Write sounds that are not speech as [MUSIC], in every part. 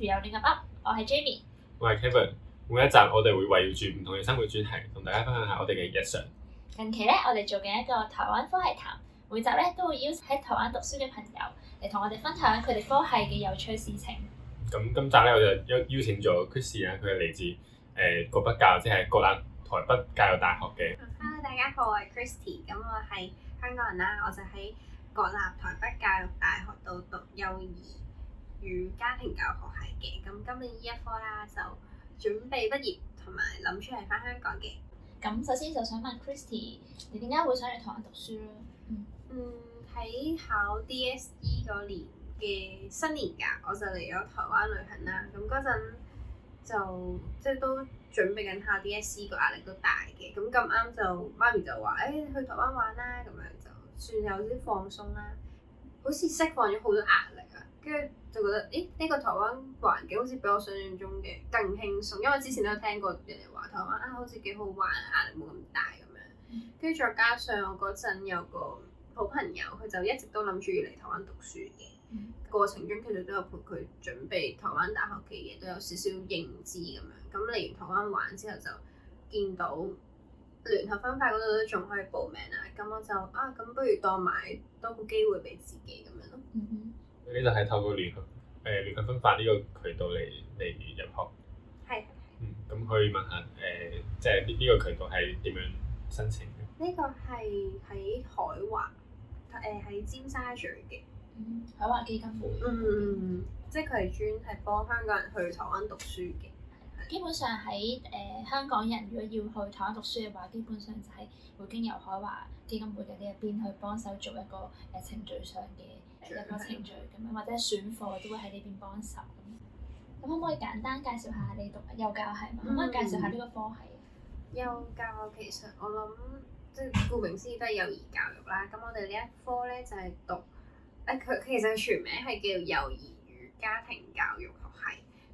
住有你嘅屋，我係 Jamie，我係 Kevin。每一集我哋會圍繞住唔同嘅生活主題，同大家分享下我哋嘅日常。近期咧，我哋做嘅一個台灣科系談，每集咧都會邀請喺台灣讀書嘅朋友嚟同我哋分享佢哋科系嘅有趣事情。咁今集咧，我就邀邀請咗 Christie，佢係嚟自誒、呃、國北教育，即係國立台北教育大學嘅。Hello，大家好，我係 Christie，咁我係香港人啦，我就喺國立台北教育大學度讀幼兒與家庭教育學系嘅，咁今年，年呢一科啦就準備畢業，同埋諗出嚟返香港嘅。咁首先就想問 Christy，你點解會想去台灣讀書？嗯，喺考 DSE 嗰年嘅新年假，我就嚟咗台灣旅行啦。咁嗰陣就即係都準備緊考 DSE，個壓力都大嘅。咁咁啱就媽咪就話：誒，去台灣玩啦，咁樣就算有啲放鬆啦。好似釋放咗好多壓力啊，跟住就覺得，誒呢、這個台灣環境好似比我想像中嘅更輕鬆，因為之前都有聽過人哋話台灣啊，好似幾好玩，壓力冇咁大咁樣。跟住、嗯、再加上我嗰陣有個好朋友，佢就一直都諗住嚟台灣讀書嘅，嗯、過程中其實都有陪佢準備台灣大學嘅嘢，都有少少認知咁樣。咁嚟完台灣玩之後就見到。聯合分發嗰度都仲可以報名啊，咁我就啊，咁不如多買多個機會俾自己咁樣咯。嗯，呢度係透過聯合誒、嗯呃、聯合分發呢個渠道嚟嚟入學。係的。嗯，咁可以問下誒，即係呢個渠道係點樣申請嘅？呢個係喺海華誒喺、呃、尖沙咀嘅、嗯、海華基金會。嗯嗯，即係佢係專係幫香港人去台灣讀書嘅。基本上喺誒、呃、香港人如果要去台灣讀書嘅話，基本上就係會經由海華基金會嘅呢一邊去幫手做一個誒程序上嘅一個程序咁樣，或者選課都會喺呢邊幫手。咁可唔可以簡單介紹下你讀幼教係嘛？可唔、嗯、可以介紹下呢個科係、嗯？幼教其實我諗即係顧名思義都係幼兒教育啦。咁我哋呢一科咧就係讀誒佢，其實全名係叫幼兒與家庭教育學。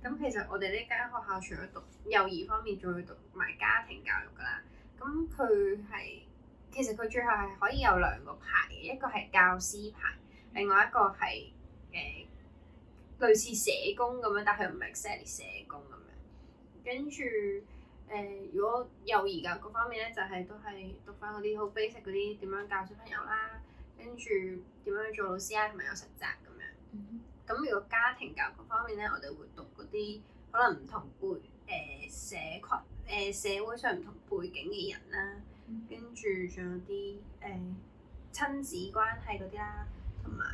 咁其實我哋呢間學校除咗讀幼兒方面，仲要讀埋家庭教育噶啦。咁佢係，其實佢最後係可以有兩個牌嘅，一個係教師牌，另外一個係誒、呃、類似社工咁樣，但係唔係實習社工咁樣。跟住誒，如果幼兒教育方面咧，就係、是、都係讀翻嗰啲好 basic 嗰啲點樣教小朋友啦，跟住點樣做老師啊，同埋有實習咁樣。嗯。咁如果家庭教育方面咧，我哋會讀嗰啲可能唔同背誒、呃、社群誒、呃、社會上唔同背景嘅人啦，跟住仲有啲誒親子關係嗰啲啦，同埋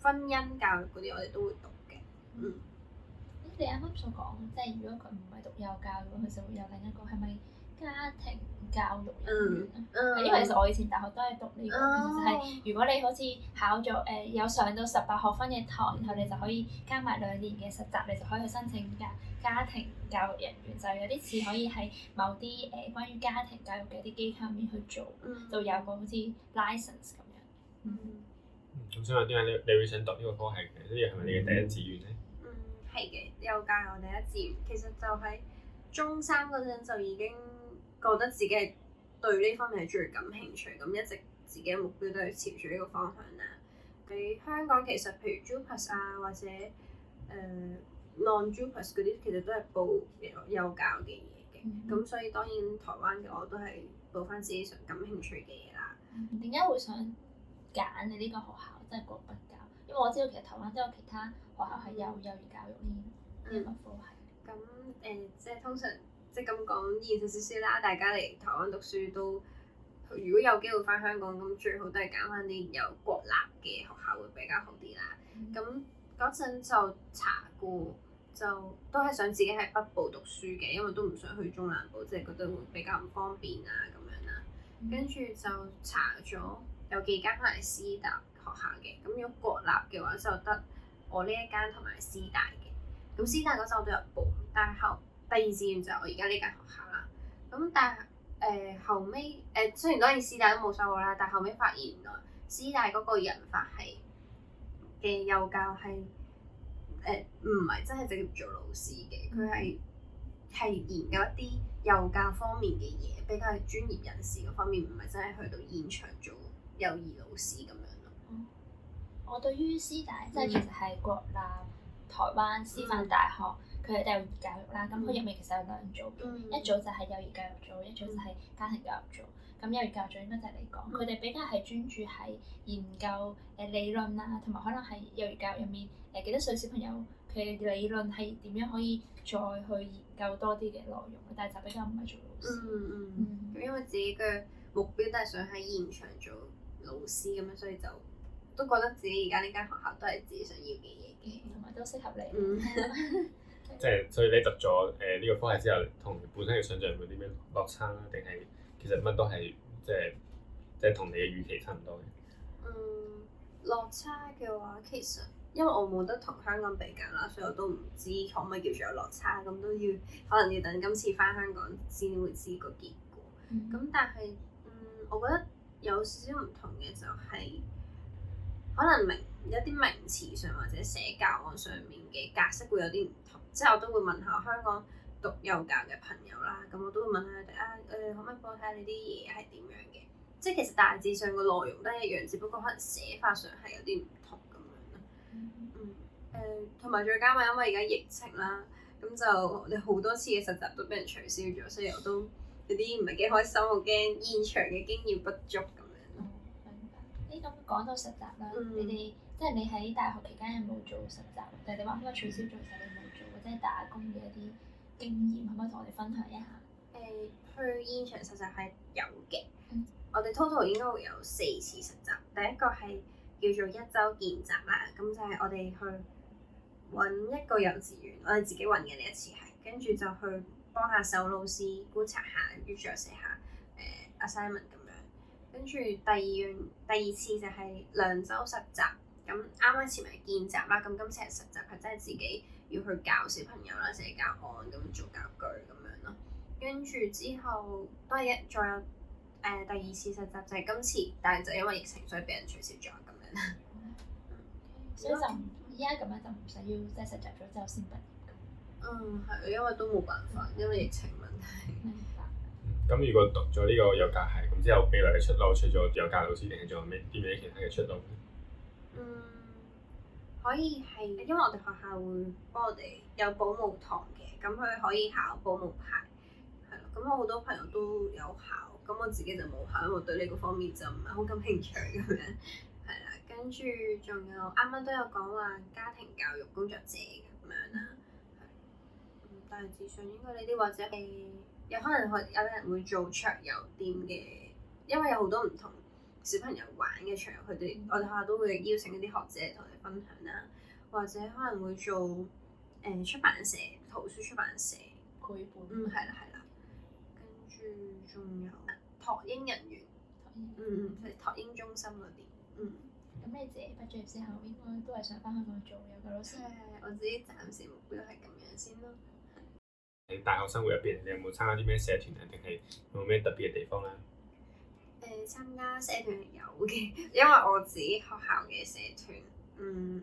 誒婚姻教育嗰啲，我哋都會讀嘅。嗯。你剛剛即係啱啱所講即係如果佢唔係讀幼教嘅話，佢就會有另一個係咪？是家庭教育人員、嗯嗯、因為其實我以前大學都係讀呢、這個，其實係如果你好似考咗誒、呃、有上到十八學分嘅堂，然後你就可以加埋兩年嘅實習，你就可以去申請家，家庭教育人員，就有啲似可以喺某啲誒、呃、關於家庭教育嘅一啲機構入面去做，嗯、就有個好似 license 咁樣。嗯，咁所以點解你你會想讀呢個科系嘅？呢啲係咪你嘅第一志願咧？嗯，係嘅，又教我第一志願。其實就喺中三嗰陣就已經。覺得自己對呢方面係最感興趣，咁一直自己嘅目標都係朝住呢個方向啦。喺香港其實譬如 Jupas 啊，或者誒、呃、non Jupas 嗰啲，其實都係報幼教嘅嘢嘅，咁、嗯、所以當然台灣嘅我都係報返自己想感興趣嘅嘢啦。點解、嗯、會想揀你呢個學校即係國北教？因為我知道其實台灣都有其他學校係有幼兒教育呢呢一科系。咁誒、嗯呃，即係通常。即係咁講現實少少啦，大家嚟台灣讀書都，如果有機會翻香港，咁最好都係揀翻啲有國立嘅學校會比較好啲啦。咁嗰陣就查過，就都係想自己喺北部讀書嘅，因為都唔想去中南部，即係覺得會比較唔方便啊咁樣啦。Mm hmm. 跟住就查咗有幾間係私立學校嘅，咁如果國立嘅話就得我呢一間同埋師大嘅。咁師大嗰陣我都有報，但係後第二志願就係我而家呢間學校啦，咁但係誒、呃、後尾，誒、呃、雖然當年師大都冇收我啦，但後尾發現原來師大嗰個人法係嘅幼教係誒唔係真係直接做老師嘅，佢係係研究一啲幼教方面嘅嘢，比較係專業人士嗰方面，唔係真係去到現場做幼兒老師咁樣咯。我對於師大即係、嗯、其實係國立台灣師範大學。嗯佢有幼兒教育啦，咁佢入面其實有兩組，嗯、一組就係幼兒教育組，一組就係家庭教育組。咁、嗯、幼兒教育組應該就係你講，佢哋、嗯、比較係專注喺研究誒理論啊，同埋可能係幼兒教育入面誒幾多歲小朋友佢哋理論係點樣可以再去研究多啲嘅內容。但係就比較唔係做老師，咁、嗯嗯嗯、因為自己嘅目標都係想喺現場做老師咁樣，所以就都覺得自己而家呢間學校都係自己想要嘅嘢，嘅、嗯，同埋都適合你。 [LAUGHS] 即係，所以你執咗誒呢個科系之後，同本身嘅想象有冇啲咩落差啦？定係其實乜都係即係即係同你嘅預期差唔多嘅。嗯，落差嘅話，其實因為我冇得同香港比較啦，所以我都唔知可唔可以叫做有落差。咁都要可能要等今次翻香港先會知，會知個結果。咁、嗯嗯、但係嗯，我覺得有少少唔同嘅就係、是、可能名一啲名詞上或者寫教案上面嘅格式會有啲唔同。之後我都會問下香港讀幼教嘅朋友啦，咁我都會問下佢哋啊，誒、呃、可唔可以幫睇下你啲嘢係點樣嘅？即係其實大致上嘅內容都一樣，只不過可能寫法上係有啲唔同咁樣咯。Mm hmm. 嗯。誒、呃，同埋再加埋，因為而家疫情啦，咁就你好多次嘅實習都俾人取消咗，所以我都有啲唔係幾開心，好驚現場嘅經驗不足咁樣咯、嗯。明白。誒咁講到實習啦，mm hmm. 你哋即係你喺大學期間有冇做實習？但係你話因為取消咗實習。Mm hmm. 即係打工嘅一啲經驗，可唔可以同我哋分享一下？誒，去現場實習係有嘅。嗯、我哋 total 應該會有四次實習。第一個係叫做一周見習啦，咁就係我哋去揾一個幼稚園，我哋自己揾嘅呢一次係，跟住就去幫下手老師觀察下，跟住寫寫下誒、呃、assignment 咁樣。跟住第二樣第二次就係兩週實習，咁啱啱前面係見習啦，咁今次係實習係真係自己。要去教小朋友啦，寫教案咁做教具咁樣咯，跟住之後都係一再有誒、呃、第二次實習就係、是、今次，但係就因為疫情所以俾人取消咗咁樣。所以就依家咁樣就唔使要即係實習咗之後先畢業。嗯，係以，嗯、因為都冇辦法，嗯、因為疫情問題。嗯，咁 [LAUGHS] 如果讀咗呢、這個幼教系，咁之後未來嘅出路除咗幼教老師，定係仲有咩啲咩其他嘅出路，嗯。可以係，因為我哋學校會幫我哋有保姆堂嘅，咁佢可以考保姆牌，係咯。咁我好多朋友都有考，咁我自己就冇考，我對呢個方面就唔係好感興趣咁樣。係啦，跟住仲有啱啱都有講話家庭教育工作者咁樣啦，嗯，大致上應該呢啲或者係，欸、有可能學有啲人會做桌遊店嘅，因為有好多唔同。小朋友玩嘅場，佢哋、嗯、我哋學校都會邀請一啲學者同你分享啦，或者可能會做誒出版社、圖書出版社、繪本文，嗯，係啦係啦，跟住仲有托嬰人員，托嬰，嗯英，嗯，即係托嬰中心嗰啲，嗯，咁你自己畢咗業之後應該都係想翻去嗰度做幼教老師？嗯，我自己暫時目標係咁樣先咯。你大學生活入邊，你有冇參加啲咩社團啊？定係有冇咩特別嘅地方啦？誒、呃、參加社團係有嘅，因為我自己學校嘅社團，嗯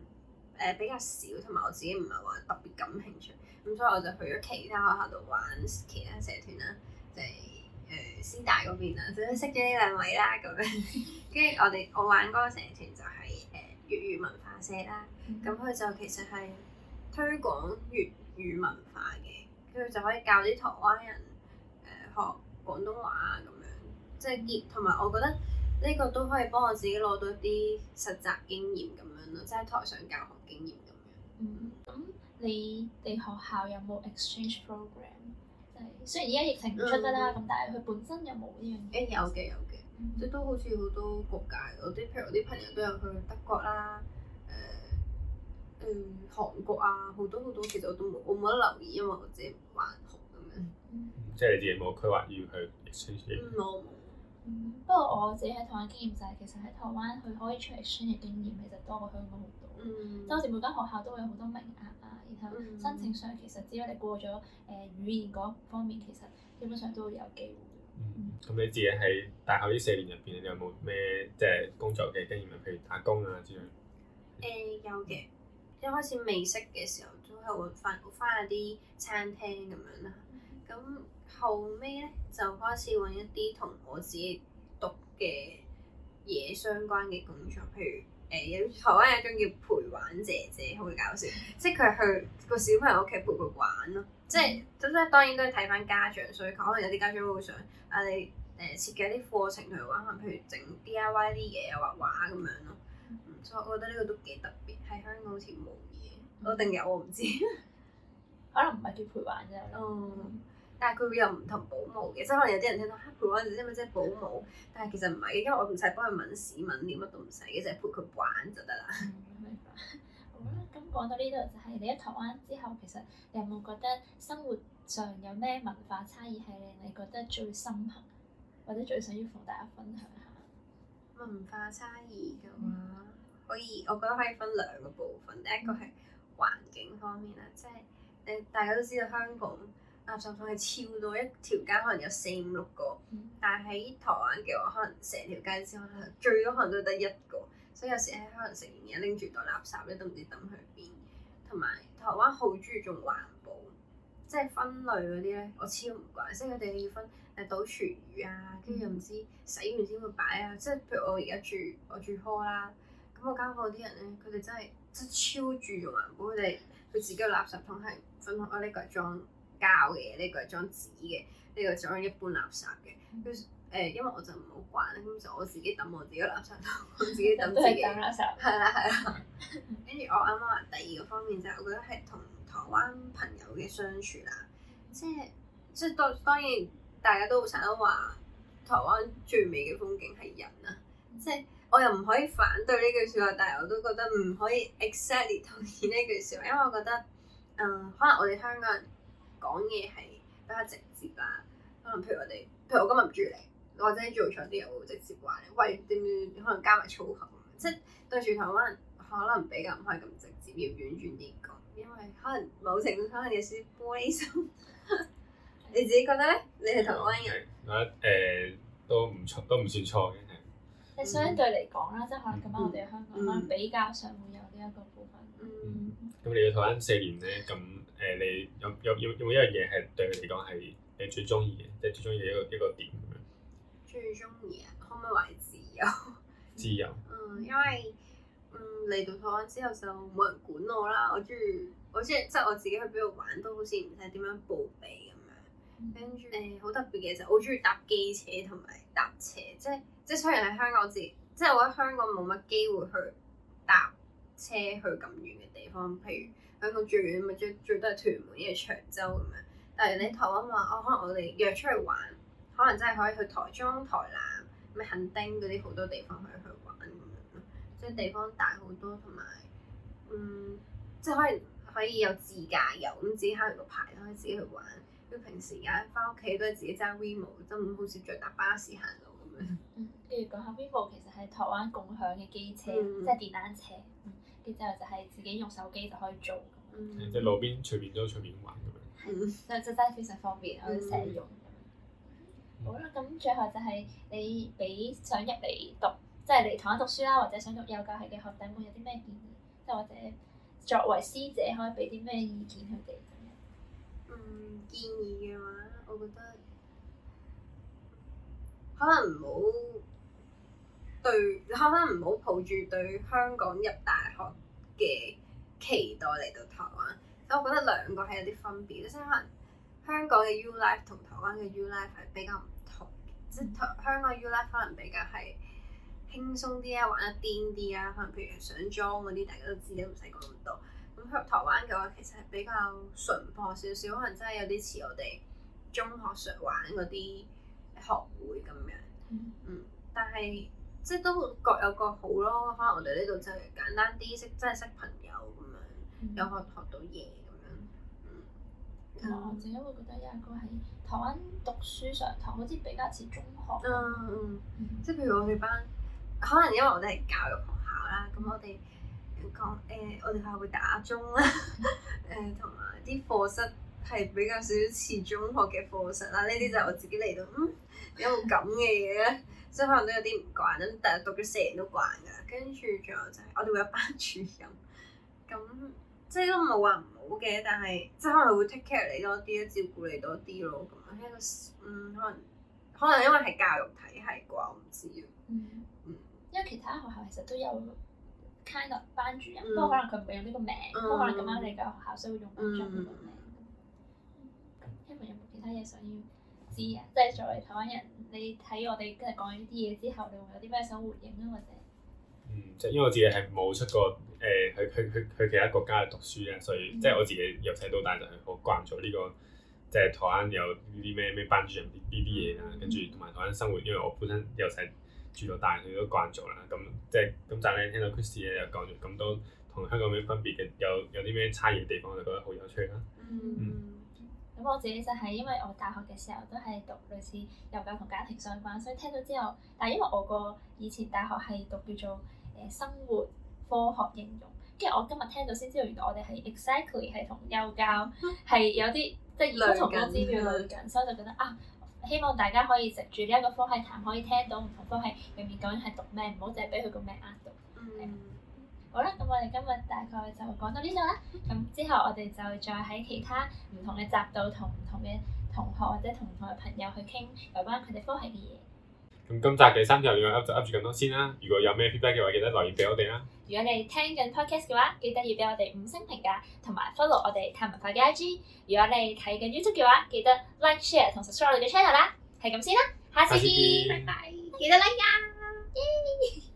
誒、呃、比較少，同埋我自己唔係話特別感興趣，咁所以我就去咗其他學校度玩其他社團啦，就係誒師大嗰邊啦，就識咗呢兩位啦咁樣。跟住我哋我玩嗰個社團就係誒粵語文化社啦，咁佢就其實係推廣粵語文化嘅，跟住就可以教啲台灣人誒、呃、學廣東話啊咁樣。即係結同埋，我覺得呢個都可以幫我自己攞到啲實習經驗咁樣咯，即係台上教學經驗咁樣。嗯。咁你哋學校有冇 exchange program？即、就、係、是、雖然而家疫情唔出得啦，咁、嗯、但係佢本身有冇呢樣嘢、嗯？有嘅有嘅，嗯、即都好似好多國家嗰啲，譬如我啲朋友都有去德國啦，誒、呃，嗯韓國啊，好多好多，其實我都我冇得留意，因為我自己唔玩學咁樣。嗯、即係你自己冇規劃要去 exchange？我冇、嗯。嗯、不過我自己喺台灣經驗就係、是，其實喺台灣佢可以出嚟嘅經驗其實多過香港好多。嗯，當時每間學校都會有好多名額啊，然後申請上其實只要你過咗誒、呃、語言嗰方面，其實基本上都會有機會。咁、嗯嗯、你自己喺大學呢四年入邊，你有冇咩即係工作嘅經驗，譬如打工啊之類？誒、呃、有嘅，一開始未識嘅時候，都係會返返下啲餐廳咁樣啦。咁、嗯後尾咧就開始揾一啲同我自己讀嘅嘢相關嘅工作，譬如誒、欸、有台灣有一種叫陪玩姐姐，好搞笑， [LAUGHS] 即係佢去個小朋友屋企陪佢玩咯。即係咁即係當然都係睇翻家長需求，所以可能有啲家長會想啊你誒、呃、設計啲課程去玩下，譬如整 DIY 啲嘢、畫畫咁樣咯。所以我覺得呢個都幾特別，喺香港好似冇嘢，我定、嗯、有我唔知，可能唔係叫陪玩啫。嗯嗯但係佢會有唔同保姆嘅，即係可能有啲人聽到嚇陪玩，啊啊、你知唔知即係保姆，嗯、但係其實唔係嘅，因為我唔使幫佢問屎問尿，乜都唔使嘅，就係陪佢玩就得啦。明白。好啦，咁講到呢度就係你喺台灣之後，其實你有冇覺得生活上有咩文化差異係令你覺得最深刻，或者最想要同大家分享下文化差異嘅話，嗯、可以我覺得可以分兩個部分。嗯、第一個係環境方面啦，即係誒大家都知道香港。垃圾桶係超多，一條街可能有四五六個，嗯、但喺台灣嘅話，可能成條街先可能最多可能都得一個，所以有時喺可能食完嘢拎住袋垃圾咧都唔知抌去邊。同埋台灣好注重環保，即係分類嗰啲咧，我超唔慣，即係佢哋要分誒倒廚餘啊，跟住又唔知洗完先會擺啊。即係、嗯、譬如我而家住我住 hall 啦，咁我間房啲人咧，佢哋真係真超注重環保，佢哋佢自己嘅垃圾桶係分開呢個裝，膠嘅呢個係裝紙嘅，呢、這個裝一般垃圾嘅。跟、嗯呃、因為我就唔好慣，咁就自我自己抌我哋嘅垃圾，我自己抌自己。係啦係啦。跟住 [LAUGHS] 我啱啱話第二個方面就係、是，我覺得係同台灣朋友嘅相處啦。即係即係，當當然大家都成日都話台灣最美嘅風景係人啊。嗯、即係我又唔可以反對呢句説話，但係我都覺得唔可以 exactly 同意呢句説話，因為我覺得，嗯、呃，可能我哋香港。人。講嘢係比較直接啦，可能譬如我哋，譬如我今日唔住你，或者做錯啲嘢，會直接話你，喂，點點點，可能加埋粗口，即係對住台灣人可能比較唔可以咁直接，要婉轉啲講，因為可能某程度可能有少少玻璃心。 [LAUGHS] 你自己覺得咧？你係台灣人。覺得都唔錯，都唔算錯嘅。誒，相對嚟講啦，即係可能咁啱我哋香港啦，比較上會有呢一個部分。嗯。嗯嗯嗯你喺台灣四年咧，咁誒，你有有有有冇一樣嘢係對你嚟講係你最中意嘅，即係最中意一個一個點最中意啊！可唔可以話係自由？自由。嗯，因為嗯嚟到台灣之後就冇人管我啦，我中意，我即係即係我自己去邊度玩都好似唔使點樣報備咁樣。跟住誒，好、嗯、特別嘅就係好中意搭機車同埋搭車，即係即係雖然喺香港我自，即係我喺香港冇乜機會去搭。車去咁遠嘅地方，譬如香港最遠咪、就是、最最多係屯門、一係長洲咁樣。但係你台灣話，哦，可能我哋約出去玩，可能真係可以去台中、台南、咩墾丁嗰啲好多地方可以去玩咁樣咯。即、就、係、是、地方大好多，同埋嗯，即、就、係、是、可以可以有自駕遊，咁、嗯、自己考完個牌可以自己去玩。咁平時間返屋企都係自己揸 WeMo 真好似坐搭巴士行路咁樣。跟住講下 WeMo 其實係台灣共享嘅機車，嗯、即係電單車。嗯之後就係自己用手機就可以做，誒、嗯，即係路邊隨便都隨便玩咁樣，即即的 [LAUGHS] 真係非常方便，可以成日用。嗯、好啦，咁最後就係你俾想入嚟讀，即係嚟台灣讀書啦，或者想讀幼教系嘅學弟妹有啲咩建議，即係或者作為師姐可以俾啲咩意見佢哋。嗯，建議嘅話，我覺得可能唔好。對，你可能唔好抱住對香港入大學嘅期待嚟到台灣。所以我覺得兩個係有啲分別，即係可能香港嘅 U Life 同台灣嘅 U Life 係比較唔同嘅，嗯、即係香港 U Life 可能比較係輕鬆啲啊，玩得癲啲啊，可能譬如上妝嗰啲大家都知都唔使講咁多。咁去台灣嘅話，其實係比較純朴少少，可能真係有啲似我哋中學常玩嗰啲學會咁樣。嗯、嗯，但係。即都各有各好咯，可能我哋呢度就係簡單啲，識真係識朋友咁樣，嗯、有學學到嘢咁樣。嗯，我自己會覺得因為佢喺台灣讀書上堂，好似比較似中學。嗯嗯。嗯嗯即譬如我哋班，可能因為我哋係教育學校啦，咁我哋講誒，我哋學校會打鐘啦，誒同埋啲課室係比較少少似中學嘅課室啦。呢啲就我自己嚟到，嗯，有冇咁嘅嘢咧？ [LAUGHS] 即可能都有啲唔慣，咁但係讀咗四年都慣㗎啦。跟住仲有就係我哋會有班主任，咁即係都冇話唔好嘅，但係即係可能會 take care 你多啲，照顧你多啲咯。咁樣一個嗯，可能可能因為係教育體系啩，我唔知啊。嗯嗯、因為其他學校其實都有 kind of 班主任，不過、嗯、可能佢唔會有呢個名，不過、嗯、可能咁啱你嘅學校所以會用班主任嘅名。嗯、因為有冇其他嘢想要。即係作為台灣人，你睇我哋今日講呢啲嘢之後，你會有啲咩想回應啊？或者，嗯，即係因為我自己係冇出過誒、呃，去去去去其他國家去讀書啊，所以、嗯、所以即係我自己由細到大就係好慣咗、這、呢個，即係台灣有呢啲咩咩班主任啲啲嘢啊，跟住同埋台灣生活，因為我本身由細住到大，佢都慣咗啦。咁即係咁，但係聽到 Chrissy 又講咁多同香港有咩分別嘅，有有啲咩差異嘅地方，我就覺得好有趣啦。嗯。嗯。咁我自己就係、是、因為我大學嘅時候都係讀類似幼教同家庭相關，所以聽到之後，但因為我個以前大學係讀叫做誒、呃、生活科學應用，跟住我今日聽到先，知道，原來我哋係 exactly 係同幼教係有啲、嗯、即係已經重合之妙類近，所以就覺得啊，希望大家可以藉住呢一個科系談，可以聽到唔同科系裡面究竟係讀咩，唔好淨係俾佢個名呃到。嗯好啦，咁我哋今日大概就講到呢度啦。咁之後我哋就再喺其他唔同嘅集度同唔同嘅同學或者同唔同嘅朋友去傾有關佢哋科系嘅嘢。咁今集嘅三條料就噏住咁多先啦。如果有咩 feedback 嘅話，記得留言俾我哋啦。如果你聽緊 podcast 嘅話，記得要俾我哋五星評價同埋 follow 我哋探文化嘅 IG。如果你睇緊 YouTube 嘅話，記得 like share 同 subscribe 我哋嘅 channel 啦。係咁先啦，下次見，次見拜拜，記得 like 啊，耶！